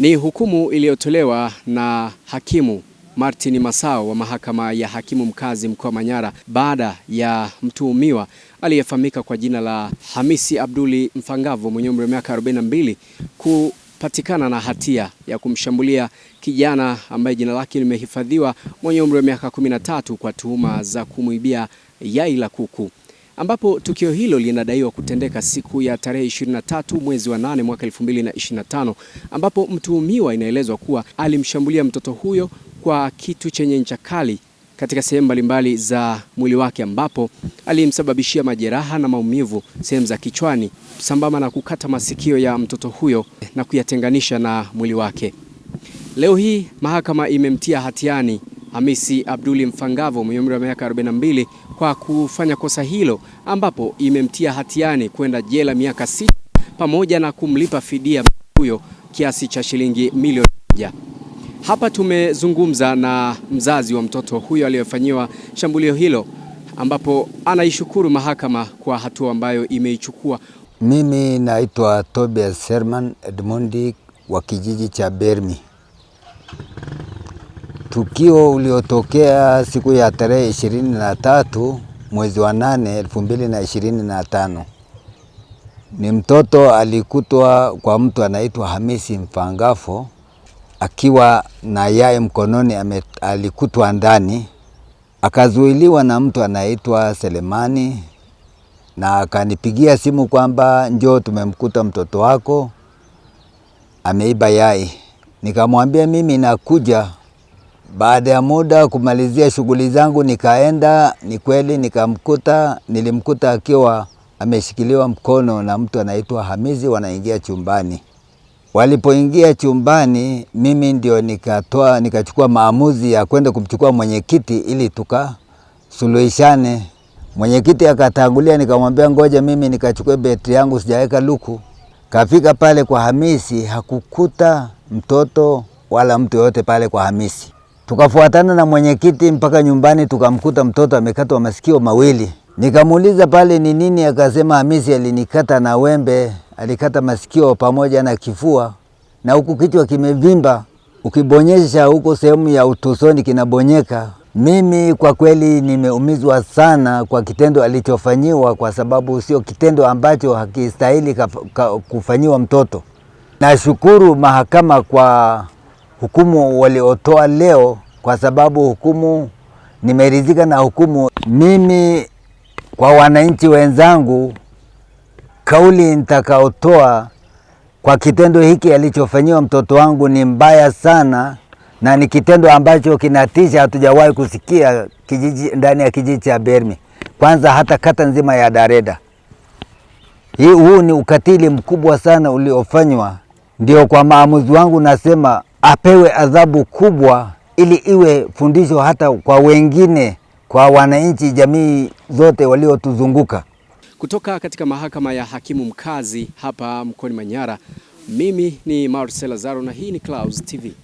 Ni hukumu iliyotolewa na hakimu Martin Masao wa mahakama ya hakimu mkazi mkoa wa Manyara baada ya mtuhumiwa aliyefahamika kwa jina la Hamisi Abduli mfangavu mwenye umri wa miaka 42 kupatikana na hatia ya kumshambulia kijana ambaye jina lake limehifadhiwa mwenye umri wa miaka 13 kwa tuhuma za kumwibia yai la kuku ambapo tukio hilo linadaiwa kutendeka siku ya tarehe 23 mwezi wa 8 mwaka 2025, ambapo mtuhumiwa inaelezwa kuwa alimshambulia mtoto huyo kwa kitu chenye ncha kali katika sehemu mbalimbali za mwili wake, ambapo alimsababishia majeraha na maumivu sehemu za kichwani, sambamba na kukata masikio ya mtoto huyo na kuyatenganisha na mwili wake. Leo hii mahakama imemtia hatiani Hamisi Abduli Mfangavo mwenye umri wa miaka 42 kwa kufanya kosa hilo ambapo imemtia hatiani kwenda jela miaka sita pamoja na kumlipa fidia huyo kiasi cha shilingi milioni moja. Hapa tumezungumza na mzazi wa mtoto huyo aliyefanyiwa shambulio hilo ambapo anaishukuru mahakama kwa hatua ambayo imeichukua. Mimi naitwa Tobias Herman Edmondi wa kijiji cha Bermi. Tukio uliotokea siku ya tarehe ishirini na tatu mwezi wa nane elfu mbili na ishirini na tano ni mtoto alikutwa kwa mtu anaitwa Hamisi Mfangafo akiwa na yai mkononi, alikutwa ndani, akazuiliwa na mtu anaitwa Selemani na akanipigia simu kwamba njoo, tumemkuta mtoto wako ameiba yai. Nikamwambia mimi nakuja baada ya muda kumalizia shughuli zangu, nikaenda. Ni kweli nikamkuta, nilimkuta akiwa ameshikiliwa mkono na mtu anaitwa Hamizi, wanaingia chumbani. Walipoingia chumbani, mimi ndio nikatoa nikachukua maamuzi ya kwenda kumchukua mwenyekiti ili tukasuluhishane. Mwenyekiti akatangulia, nikamwambia ngoja mimi nikachukue betri yangu, sijaweka luku. Kafika pale kwa Hamisi hakukuta mtoto wala mtu yoyote pale kwa Hamisi. Tukafuatana na mwenyekiti mpaka nyumbani, tukamkuta mtoto amekatwa masikio mawili. Nikamuuliza pale ni nini, akasema Hamisi alinikata na wembe, alikata masikio pamoja na kifua, na huku kichwa kimevimba, ukibonyesha huko sehemu ya utusoni kinabonyeka. Mimi kwa kweli nimeumizwa sana kwa kitendo alichofanyiwa, kwa sababu sio kitendo ambacho hakistahili kufanyiwa mtoto. Nashukuru mahakama kwa hukumu waliotoa leo, kwa sababu hukumu, nimeridhika na hukumu. Mimi kwa wananchi wenzangu, kauli nitakaotoa kwa kitendo hiki alichofanyiwa mtoto wangu ni mbaya sana, na ni kitendo ambacho kinatisha, hatujawahi kusikia kijiji, ndani ya kijiji cha Bermi, kwanza hata kata nzima ya Dareda. Hii huu ni ukatili mkubwa sana uliofanywa. Ndio kwa maamuzi wangu nasema apewe adhabu kubwa, ili iwe fundisho hata kwa wengine, kwa wananchi, jamii zote waliotuzunguka. Kutoka katika mahakama ya hakimu mkazi hapa mkoani Manyara, mimi ni Marcel Lazaro na hii ni Clouds TV.